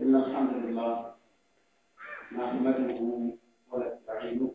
إن الحمد لله نحمده ونستعينه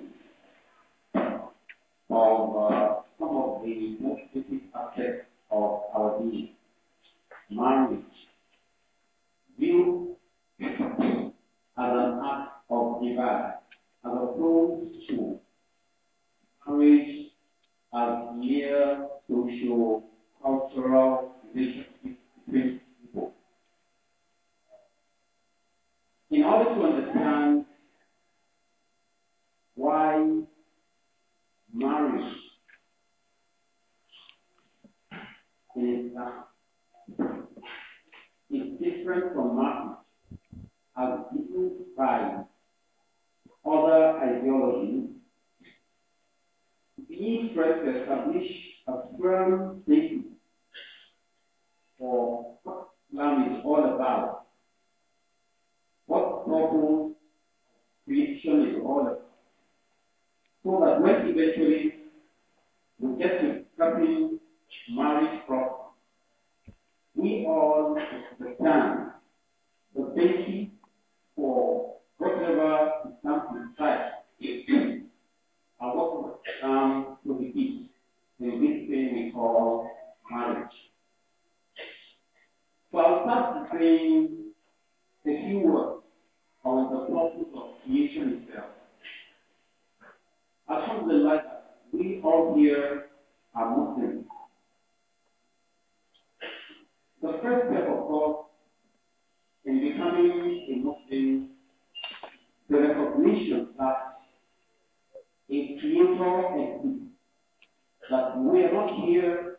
of uh, some of the most basic aspects of our being. Marriage, viewed as an act of divine, as opposed to marriage as mere social, cultural vision. The first step, of course, in becoming a Muslim, the recognition that a creator exists, that we are not here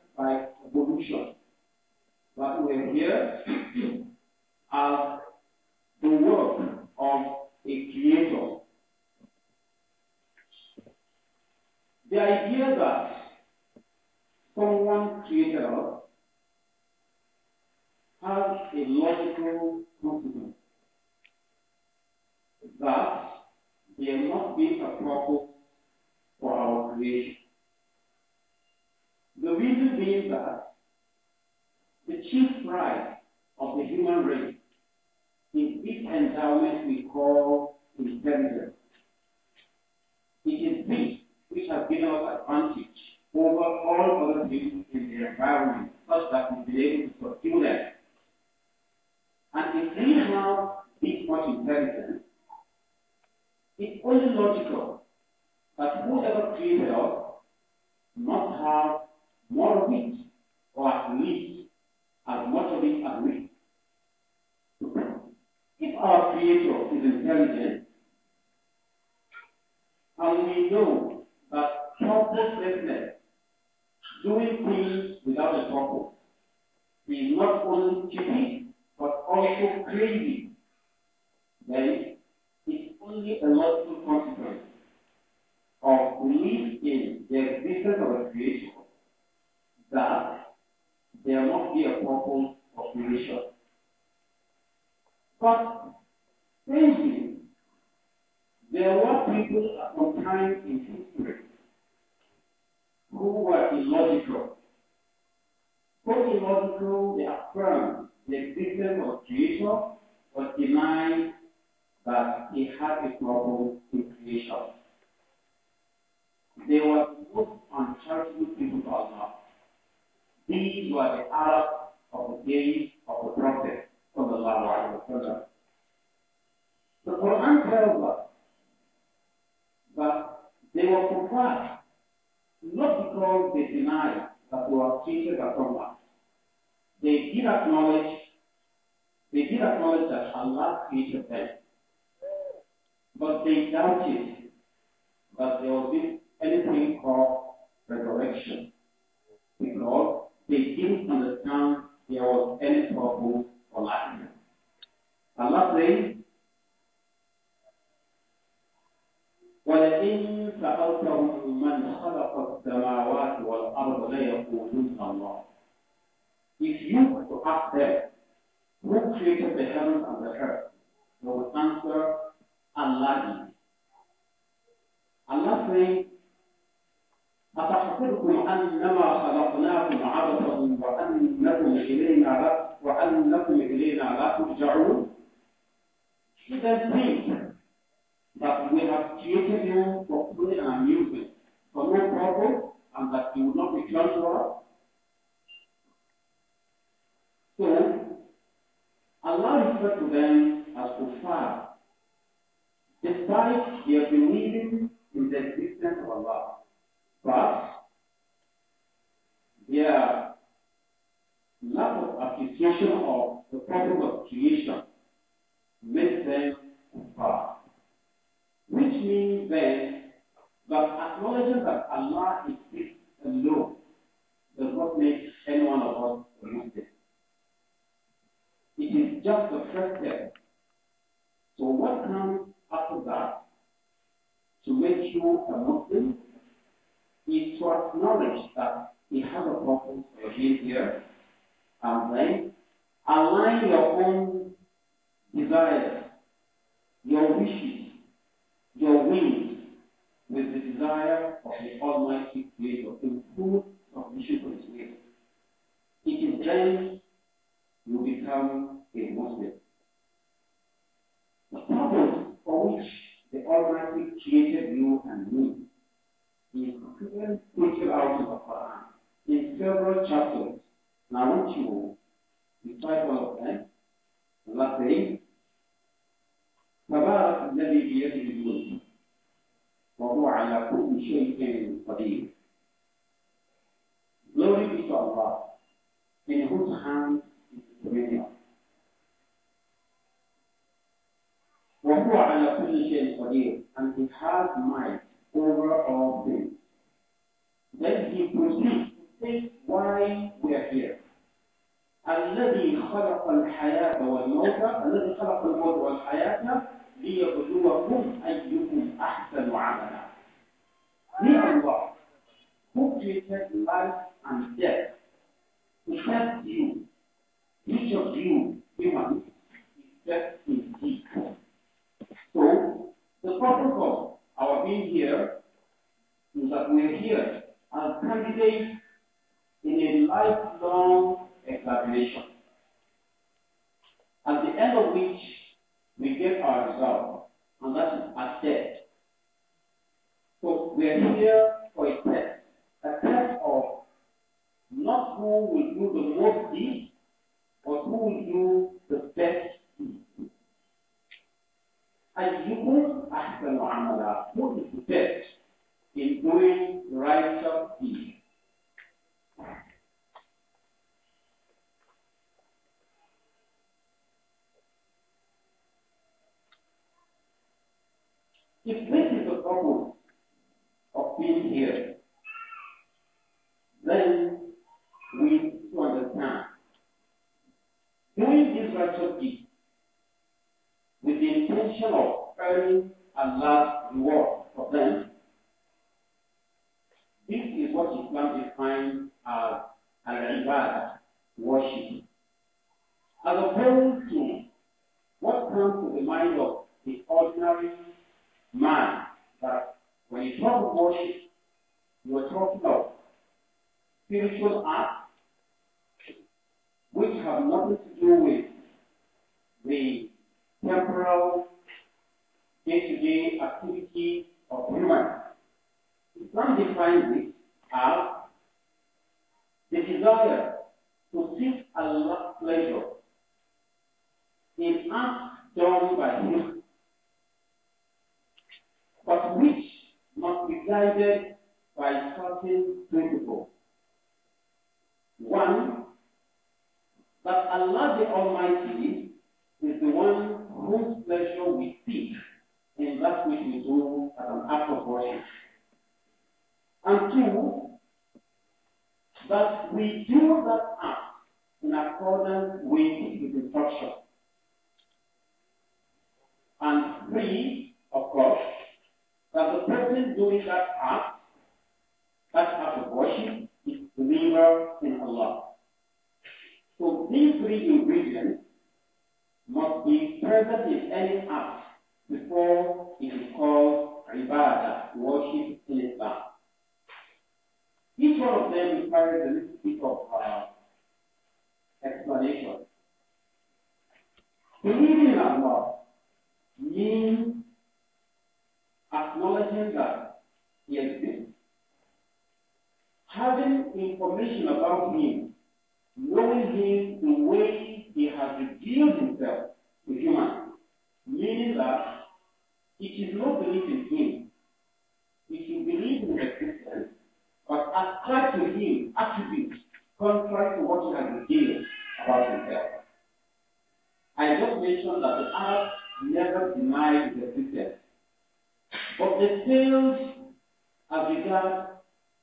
Creator is intelligent, and we know that purposelessness, doing things without a purpose, is not only stupid but also crazy, then it's only a logical consequence of belief in the existence of a Creator that there must be a purpose of creation. But thinking. There were people at some time in history who were illogical. So illogical, they affirmed the existence of Jesus, but denied that he had a problem in creation. They were most uncharitable people to God. These were the Arabs of the days of the Prophet. the of the Wasallam. The Quran tells us that they were comprised not because they denied that we are treated as Allah. They did acknowledge, they did acknowledge that Allah created them. But they doubted that there was this anything called resurrection because they didn't understand there was any purpose for life. Allah says, ولئن سألتهم من خلق السماوات والأرض ليقولن الله. If you were to ask them, who created the heavens and the earth, they would answer, Allah Allah saying, أتحسبكم أنما خلقناكم عبثا وأنكم إلينا لا وأنكم إلينا لا ترجعون؟ You then think that we have created you for play and amusement, for no purpose, and that you will not be us. So, Allah referred to them as kuffar, despite their believing in the existence of Allah. But their lack of appreciation of the purpose of creation makes them kuffar. Which means then that acknowledging that Allah is and alone does not make any one of us Muslim. It is just the first step. So what comes after that to make you a Muslim is to acknowledge that He have a purpose for being here and then align your own desires, your wishes your wings with the desire of the Almighty Creator, in full submission to His will. It is then you become a Muslim. The purpose for which the Almighty created you and me is clearly pointed out of the Quran in several chapters. Now, which want you to recite all of eh? them. Allah says, تبارك الذي بيده الملك وهو على كل شيء قدير Glory be to Allah, in whose hands is the dominion. وهو على كل شيء قدير and he has might over all things. Then he proceeds to say why we are here. الذي خلق الحياة والموت الذي خلق الموت والحياة ليبلوكم أيكم أحسن عملا May Allah, who created life and death, to help you, each of you, human, is best deep. So, the purpose of our being here is that we're here as candidates in a lifelong examination, at the end of which we get result, and that is test. So we are here for a test, a test of not who will do the most deeds, but who will do the best deeds. أيكم أحسن عملا who is the best in doing righteous deeds. If this is the problem of being here, then accordance with the instruction. And three, of course, that the person doing that act, that act of worship, is believer in Allah. So these three ingredients must be present in any act before it is called ibadah, worship in Islam. Each one of them requires a little bit of uh, explanation. Believing in God means acknowledging that He exists, having information about Him, knowing Him the way He has revealed Himself to humans, meaning that it is not belief in Him. If you believe in existence, but ascribe to Him attributes contrary to what you can hear about himself. I just mentioned that the Arabs never denied the existence, but they failed as regards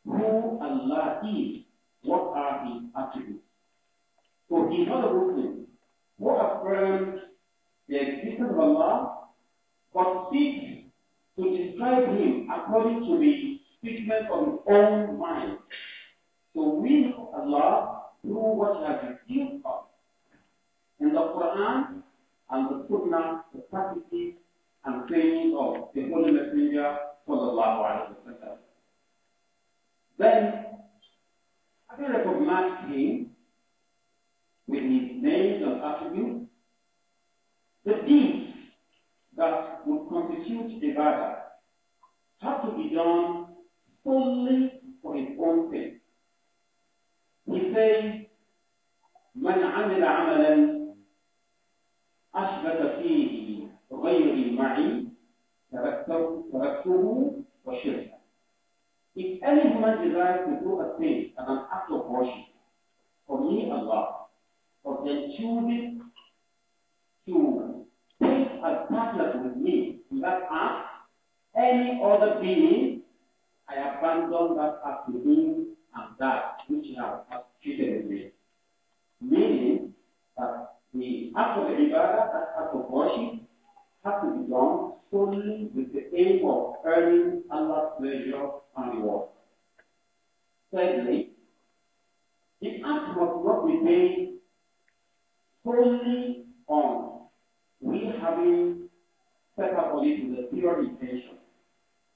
who Allah is, what are his attributes. So he's not a Muslim who affirms the existence of Allah, but seeks to describe him according to the statement of his own mind. So we know Allah through what He has revealed to us in the Quran and the Sunnah, the practices and trainings of the Holy Messenger sallallahu alaihi wasallam. Then, having recognized Him with His names and attributes, the deeds that would constitute ibadah have to be done solely for His own sake. والثاني من عمل عملا أشبك فيه غير معي تركته, تركته وشركه If any human desires to do a thing as an act of worship for me Allah, or then chooses to take as partner with me in that act any other being, I abandon that act to him and that which are has treated it Meaning that the act of ibadah, that act of worship, has to be done solely with the aim of earning Allah's pleasure and reward. Thirdly, the act must not be based solely on we having set up on it with a pure intention.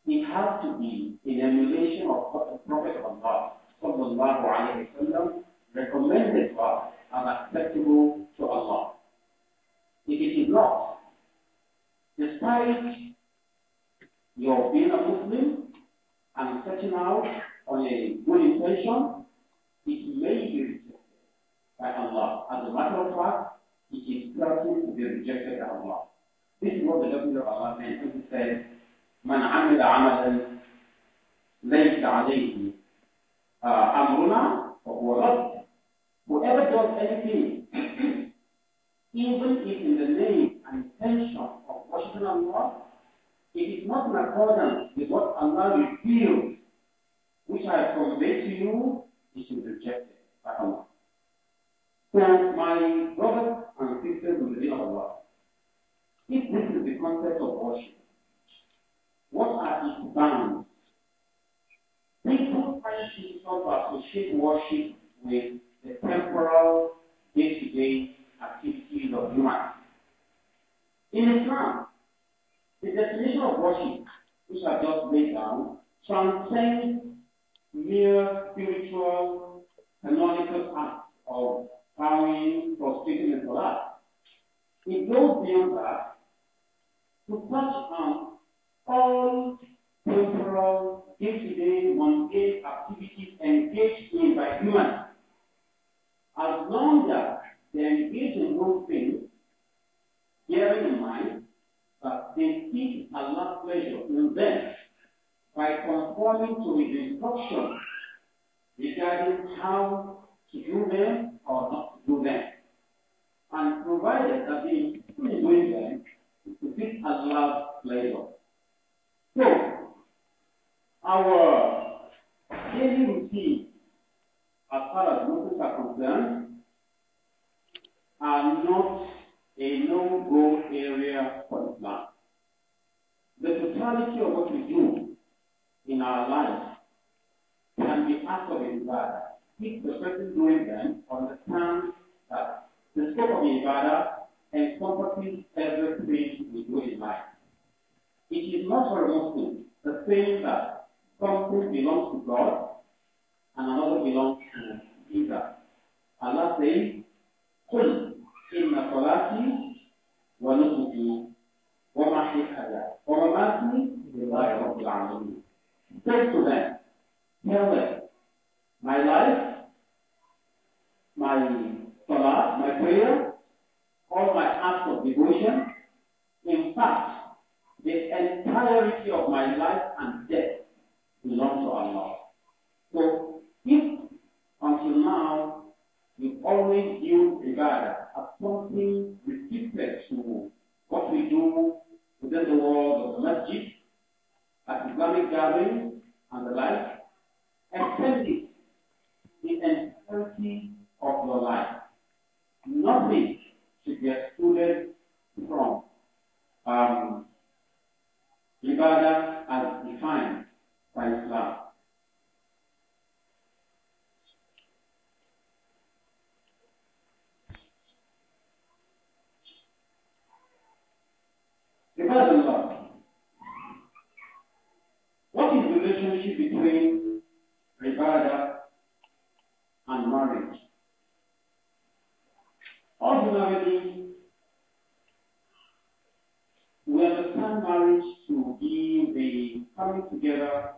It has to be in emulation of what the Prophet of Allah صلى الله عليه وسلم recommended for and as acceptable to Allah. If it is not, despite your being a Muslim and setting out on a good intention, it may be rejected by Allah. As a matter of fact, it is certain to be rejected by Allah. This is what the Messenger of Allah meant when he said, من عمل عملا ليس عليه Uh, Amruna or Whoever does anything, even if in the name and intention of worshiping Allah, it is not in accordance with what Allah revealed, which I have conveyed to you, it is rejected by Allah. So, my brothers and sisters in the name of Allah, if this is the concept of worship, what are its bounds? People find associate washing with the temporal day-to-day activities of humans. In Islam, the definition of worship, which I just laid down, transcends mere spiritual canonical acts of bowing, prostrating, and salat. It goes beyond that to touch on all temporal day-to-day activities engaged in by humans. As long as they engage in those things, bearing in mind that they seek Allah's pleasure in them by conforming to his instructions regarding how to do them or not to do them. And provided that they include doing them to fit Allah's pleasure. So, our daily routine, as far as nurses are concerned, are not a no-go area for Islam. The totality of what we do in our lives can be acts of ibadah. Keep the person doing them understands that the scope of ibadah encompasses everything we do in life. It is not for a Muslim the saying that Something belongs to God and another belongs to Isa. Allah says, in قل إن صلاتي ونسكي ومحياي ومماتي لله رب العالمين. Say to them, tell them, my life, my salah, my prayer, all my acts of devotion, in fact, the entirety of my life and death belong to Allah. So if until now we always view ibadah as something restricted to what we do within the walls of the masjid, at Islamic gatherings and the like, extend it the entirety of your life. Nothing should be excluded from um, ibadah as defined by Islam. About Allah. What is the relationship between ibadah and marriage? Ordinarily, we understand marriage to be the coming together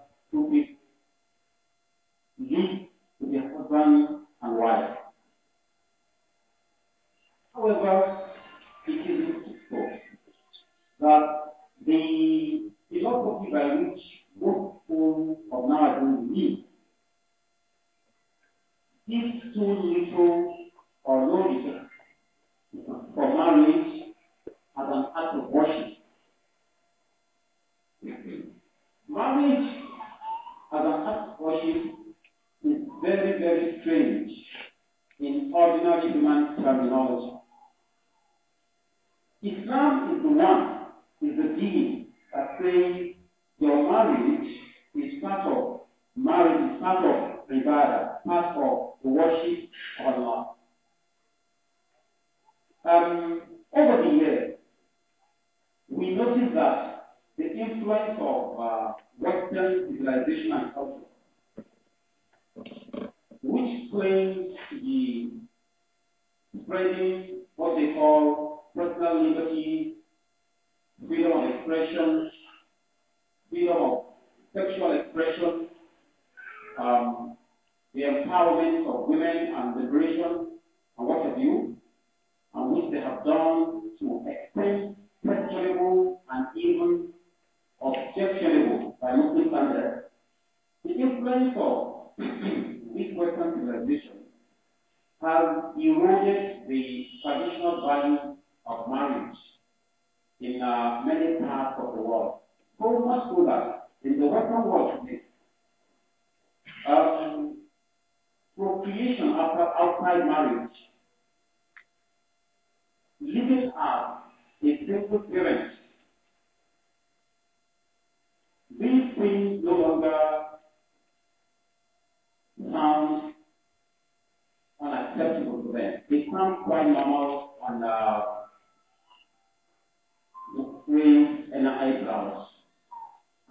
Um, over the years, we notice that the influence of uh, Western civilization and culture, which claims the spreading what they call personal liberty, freedom of expression, freedom of sexual expression, um, the empowerment of women and liberation, and what have you, and which they have done to extend questionable and even objectionable by Muslim standards. The influence of this Western civilization has eroded the traditional value of marriage in uh, many parts of the world. So much so that in the Western world today, um, procreation after outside marriage living as a single parent, these things no longer sound unacceptable to them. They sound quite normal uh, and with and eyebrows.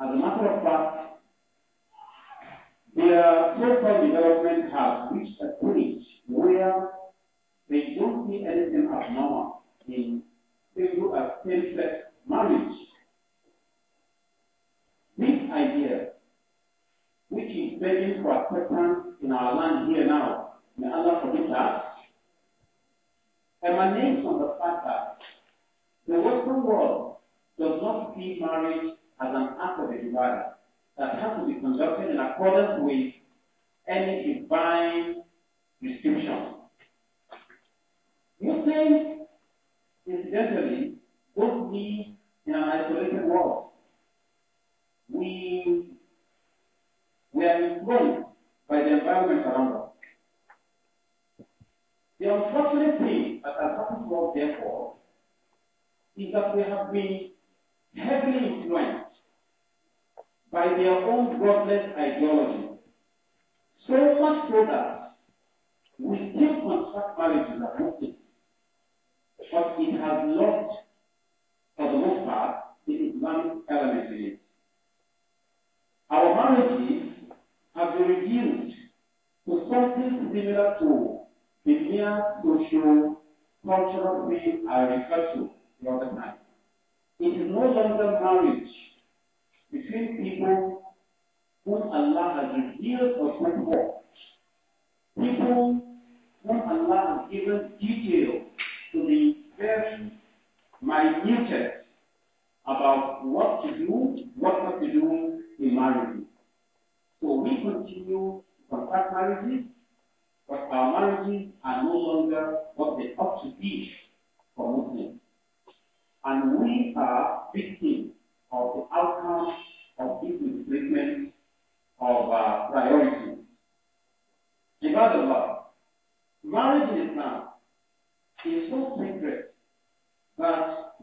As a matter of fact, their social development has reached a point where they don't see anything abnormal in favor of template marriage. This idea, which is begging for acceptance in our land here now, may Allah forgive us, emanates from the fact that the Western world does not see marriage as an act of ibadah that has to be conducted in accordance with any divine prescription. You think Incidentally, don't be in an isolated world. We, we are influenced by the environment around us. The unfortunate thing that has happened to us, therefore, is that we have been heavily influenced by their own godless ideology. So much so that we still construct marriages that won't but it has lost, for the most part, the Islamic element in it. Our marriages have been reduced to something similar to the mere social cultural thing I refer to the other time. It is no longer marriage between people whom Allah has revealed or sent forth. People whom Allah has given details to be very minute about what to do, what not to do in marriages. So we continue to contract marriages, but our marriages are no longer what they ought to be for Muslims. And we are victims of the outcome of this misplacement of uh, priorities. words, marriage in Islam it is no secret that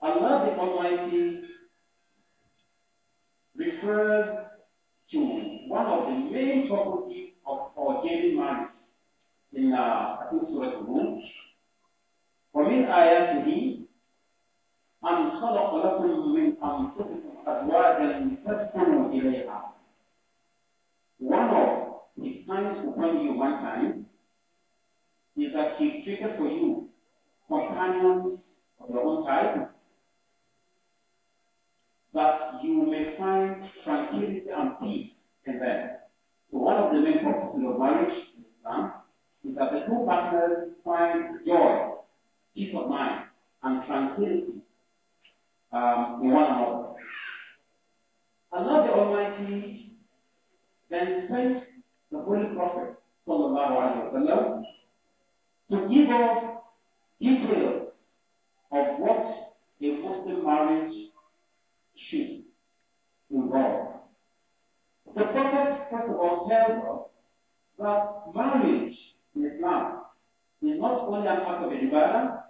Allah the Almighty refers to one of the main properties of daily marriage in uh, I think Surah Al-Rum. ومن آياته أن خلق لكم من أنفسكم أزواجا تسكنوا إليها. One of the times when you time, is that He created for you companions of your own type, that you may find tranquility and peace in them. So one of the main purposes of marriage in Islam is that the two partners find joy, peace of mind, and tranquility um, in one another. Allah the Almighty then sent the Holy Prophet sallallahu wa sallam, to give us details of what a Muslim marriage should involve. The Prophet, first of all, tells us that marriage in Islam is not only an act of ibadah,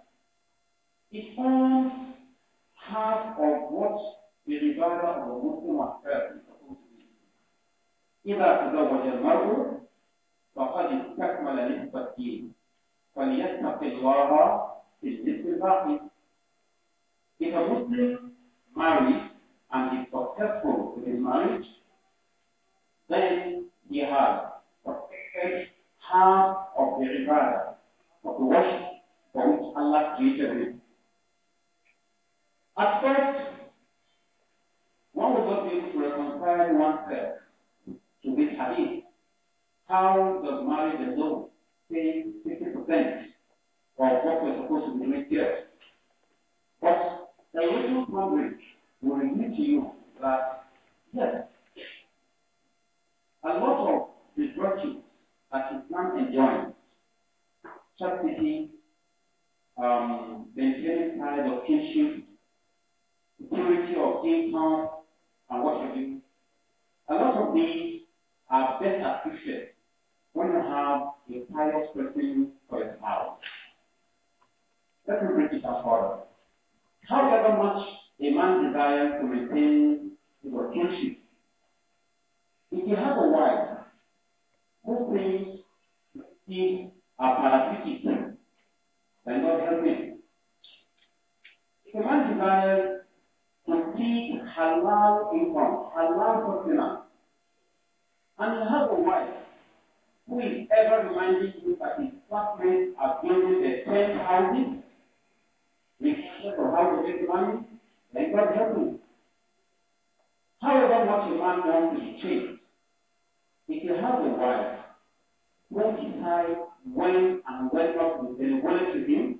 it forms half of what the ibadah of a Muslim affair is supposed to be. إذا تزوج المرء فقد استكمل نصف الدين فليتق الله في ذكر باقي. If a Muslim marries and is successful with his marriage, then he has perfected half of the ibadah, of the worship for which Allah created him. At first, one will not be able to reconcile oneself to this hadith. How does marriage alone paying 50% of what we're supposed to be doing here. But a little language will admit to you that, yes, a lot of the virtues that you can enjoy chastity, um, the maintaining side of kinship, security of income, and what have you, a lot of these are best appreciated when you have a pilot person for your house. Let me break it up further. However much a man desires to maintain his kinship, if you have a wife, who things is a parasitic, then God help helping. If a man desires to complete halal income, halal sustenance, and you have a wife who is ever reminding you that his workmen are building the same houses, regardless of how to make money, then God help you. However much a man wants to change, if you have a wife, don't decide when and when not to be willing to him,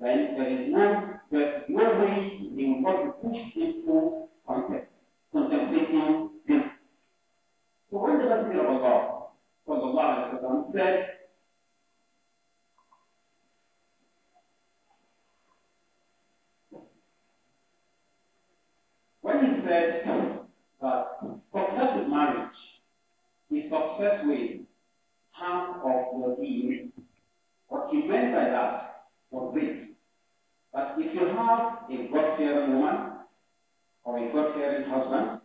then there is no, there is no way he will not be pushed into contempt, contemplating this. So when does that feel about God? when he said that successful marriage is success with half of your team, what he meant by that was this. But if you have a God-fearing woman or a God-fearing husband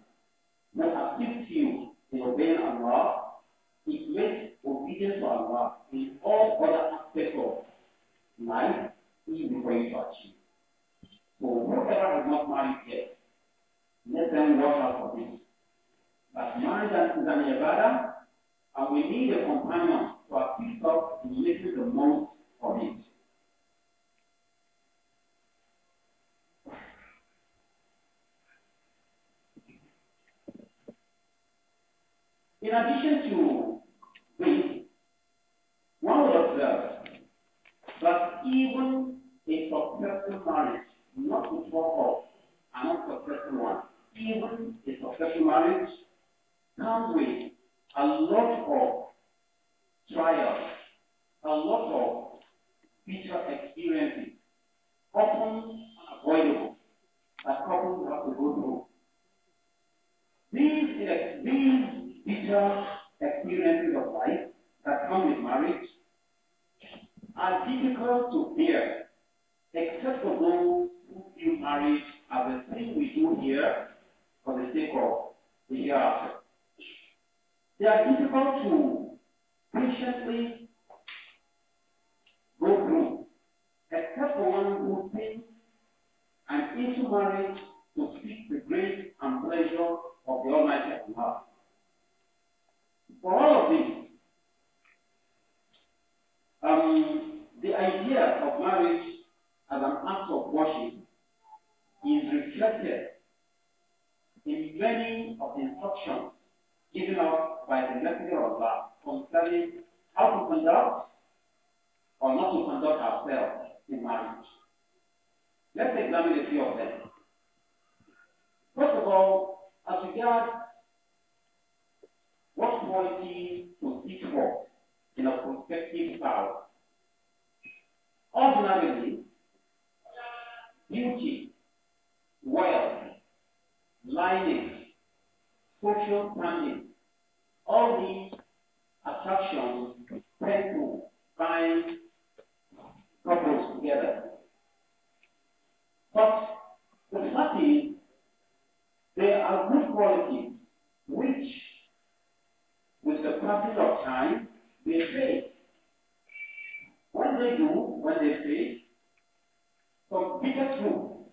who assists you in obeying Allah it makes obedience to Allah in all other aspects of life easy for you to achieve. So whoever has not married yet, let them watch out for this. But marriage is an ibadah, and we need a companion to assist us in making the most of it. In addition to come with a lot of as an act of worship is reflected in many of the instructions given us by the Messenger of Allah concerning how to conduct or not to conduct ourselves in marriage. Let's examine a few of them. First of all, as regards what quality to seek for in a prospective spouse. Ordinarily, beauty, wealth, lineage, social standing. All these attractions tend to bind couples together. But the fact is, there are good qualities which, with the passage of time, they fade. When they do, when they fade, some biggest rule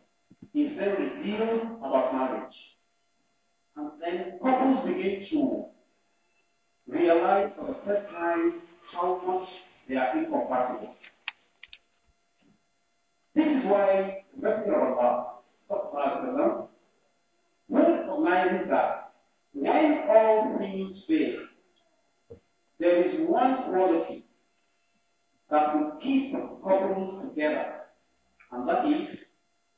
is then revealed about marriage. And then couples begin to realize for the first time how much they are incompatible. This is why the Messenger of Allah recognizes that when all things fail, there is one quality that will keep couples together and that is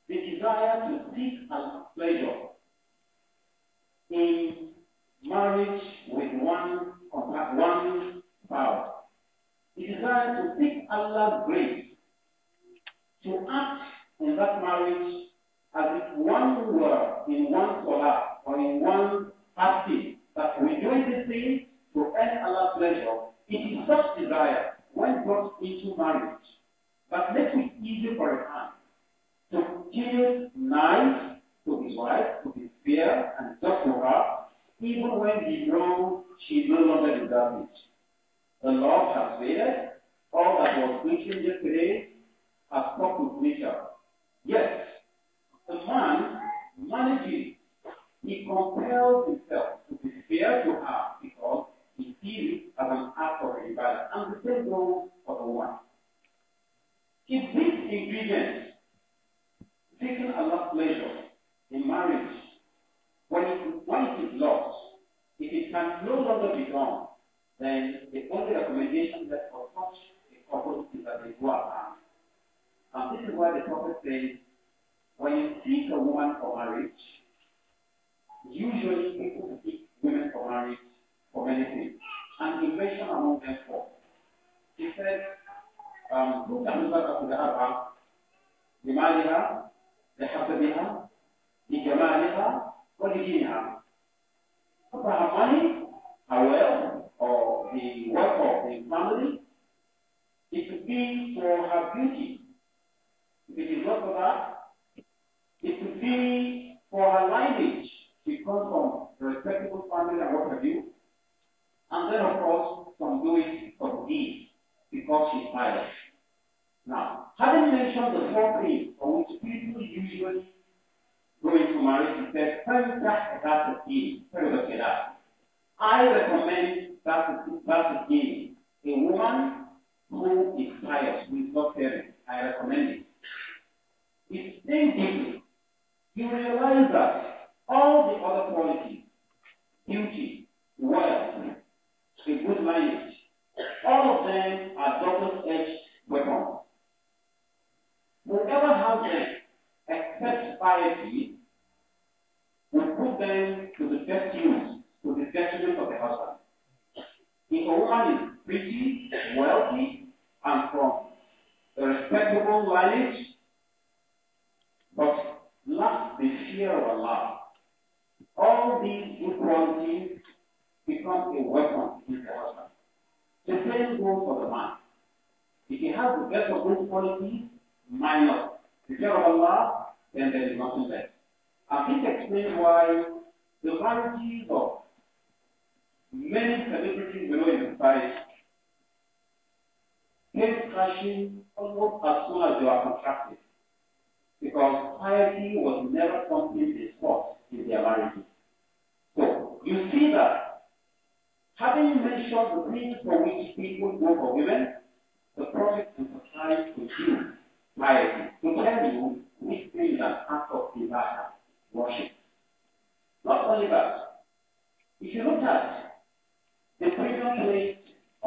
the desire to seek and pleasure in marriage with one one spouse. The desire to seek Allah's grace to act in that marriage as if one were in one solar or in one party that we do this thing to earn Allah's pleasure. It is such desire when brought into marriage but makes it easier for a man to give nice to his wife, to be fair and talk to her, even when he knows she no longer deserves it. The Lord has waited. All that was written yesterday has stopped with nature. Yes, the man manages. He compels himself to be fair to her because he feels as an act of rebellion. And the same goes for the wife. If these ingredients taken a lot pleasure in marriage, when it, when it is lost, if it can no longer be done, then the only recommendation that for such a couple is that they go apart. And this is why the prophet says, when you seek a woman for marriage, usually people seek women for marriage for many things. And he mentioned among them four. He said, ممكن المرأة تتابع لمالها لحسبها لجمالها ولدينها Papa have money, or wealth, or the wealth of the family, it could be for her beauty. If it is not for that, it could be for her lineage. She comes from a respectable family and what have you. And then, of course, from doing of deeds because he's tired. Now, having mentioned the four things on which people usually go into marriage, he says, the that again. Look it up. I recommend that that again. A woman who is tired, who is not caring, I recommend it. It's think deeply, you realize that all the other qualities, beauty, wealth, a good marriage all of them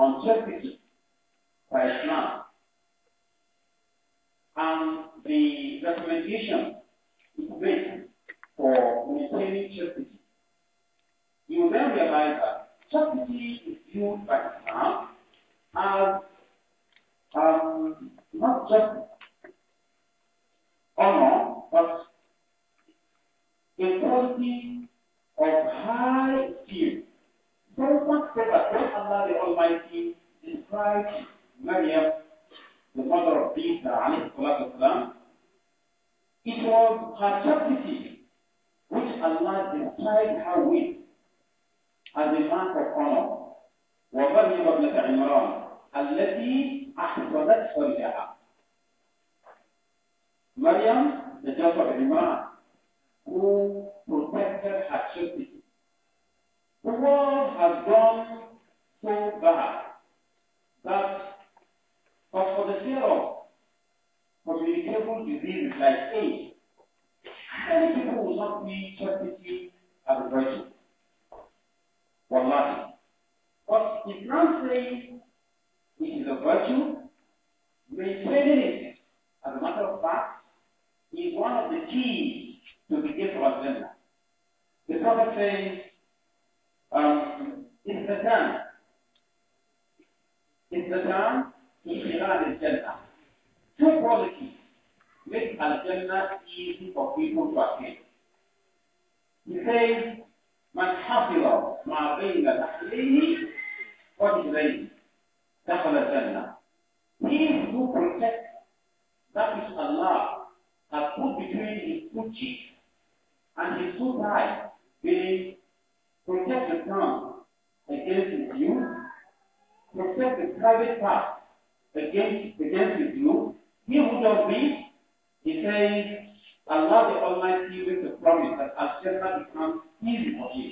On untouched by Islam. And the recommendation is made for maintaining chastity. You will then realize that chastity is viewed by Islam as um, not just honor, but a quality of high esteem Prophet, Prophet, when Allah the Almighty described Maryam, the mother of Isa, والسلام, it was her chastity which Allah described her with as a mark of honor. ومريم ابنة عمران التي أحصنت فرجها. Maryam, the daughter of Imran, who protected her chastity. The world has gone so bad that, but for the fear of communicable diseases like AIDS, many people will not be chastity as a virtue. Wallahi. But if not saying it is a virtue, maintaining it as a matter of fact is one of the keys to the gift of Jannah. The Prophet says, اثنتان اثنتان من خلال الجنة two qualities make الجنة easy for people to attain he says من حفظ ما بين دخليه ورجليه دخل الجنة he who protects that which Allah has put between his two cheeks and his two thighs meaning protect the tongue against you, protect the private part against, against you, he would have been, he says, Allah the Almighty makes a promise that as jannah becomes easy for you."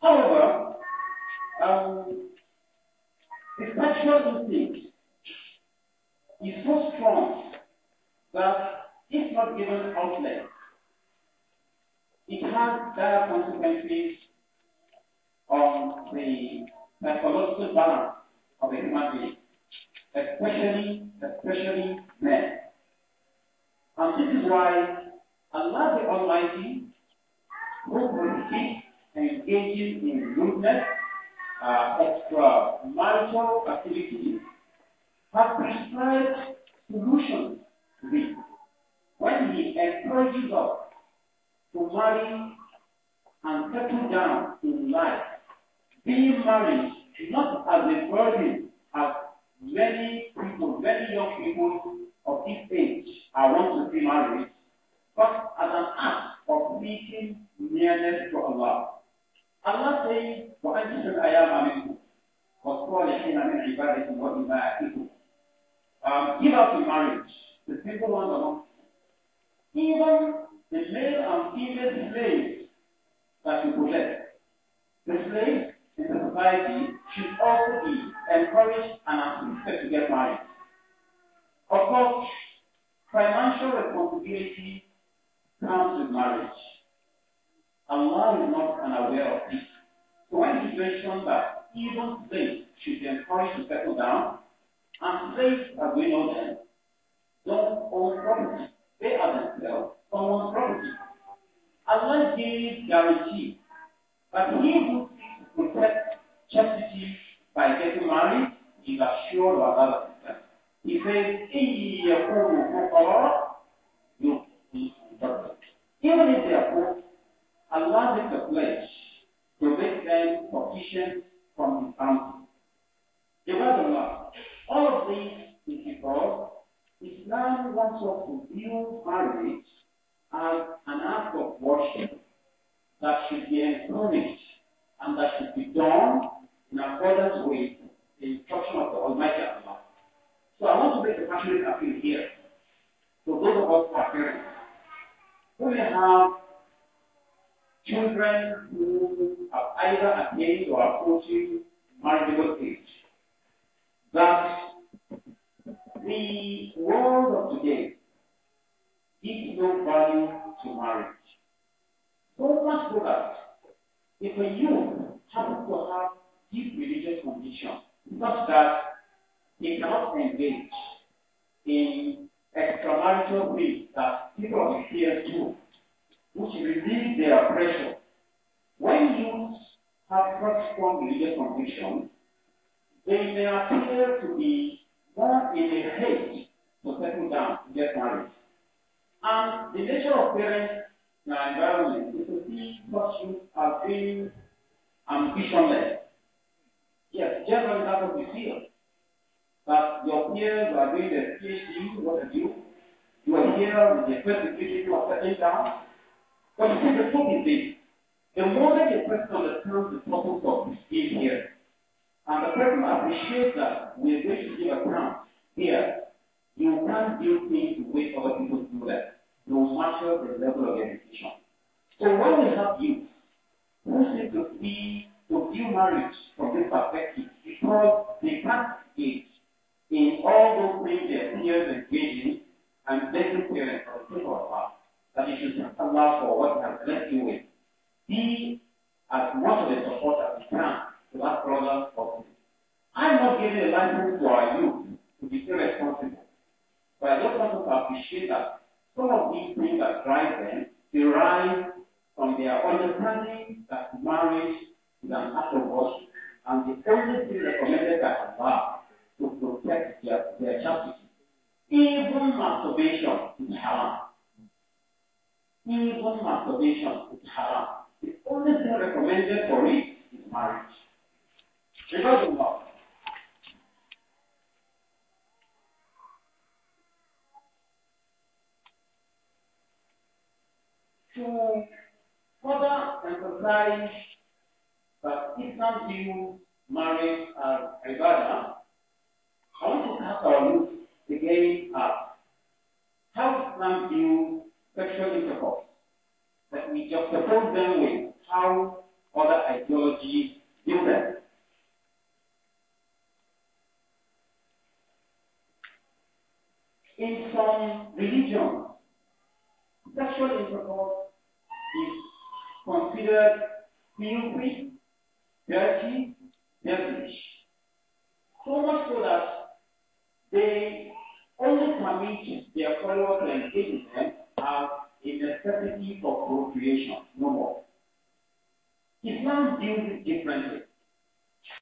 However, um, the sexual instinct is so strong that if not given outlet, it has dire consequences on the psychological balance of the human being, especially, especially men. And this is why Allah the Almighty, who and engaging in rudeness, uh, marital activities, has prescribed solutions to this. When he encourages us to marry and settle down in life, being married not as a burden as many people, many young people of this age are want to be marriage, but as an act of seeking nearness to Allah. Allah says, وَأَنْتُمُ I مِنْكُمْ وَالصَّالِحِينَ مِنْ عِبَادِكُمْ وَإِمَائِكُمْ um, Give up in marriage, the simple one among Even the male and female slaves that you possess, the slaves in the society should also be encouraged and assisted to get married. Of course, financial responsibility comes with marriage. Allah is not unaware of this. So when he mentioned that even slaves should be encouraged to settle down, and slaves, as we know them, don't own property. They are themselves someone's property. Allah gives guarantee that he who chastity by getting married is assured or another sister. He says, you you Even if they are poor, Allah makes a pledge to make them sufficient from his bounty. Ibadullah, all of this is because Islam wants us to view marriage as an act of worship that should be encouraged and that should be done in accordance with the instruction of the Almighty Allah. So I want to make a passionate appeal here to those of us who are parents. Who may have children who are either attained or approaching marriageable age. That the world of today gives no value to marriage. So much so that if a youth happens to have Deep religious conviction such that they cannot engage in extramarital things that people adhere to, which relieve their pressure. When youths have such strong religious conviction, they may appear to be more in a haste to settle down, to get married. And the nature of parents in our environment is to see such youth as being ambitionless. Yes, that's what not reveal. But your peers are doing the PhD, what have you. You are here with the degree. you are settling down. But you see, the truth is this. The that the person understands the purpose of his being here, and the person appreciates that we're going to give account here, you can't do things the way other people do that, no matter the level of education. So when we have youth who seem to to view marriage from this perspective because they can't engage in all those things their peers engage in and blessing parents for the people of Allah. That you should thank Allah for what He has blessed you with. Be as much of a support as you can to that brother or sister. I'm not giving a license to our youth to be irresponsible, but I just want to appreciate that some of these things that drive them derive from their understanding that marriage and afterwards, and the only thing recommended by Allah to protect their, their chastity. Even masturbation is haram. Even masturbation is haram. The only thing recommended for it is marriage. Because of what? To further emphasize but if some people marry as ibadah, how to cast on the again at how Islam view sexual intercourse that we just support them with how other ideologies view them. In some religions, sexual intercourse is considered filthy dirty, devilish. So much so that they only permit their followers and engage them as a necessity for procreation, no more. Islam deals it differently.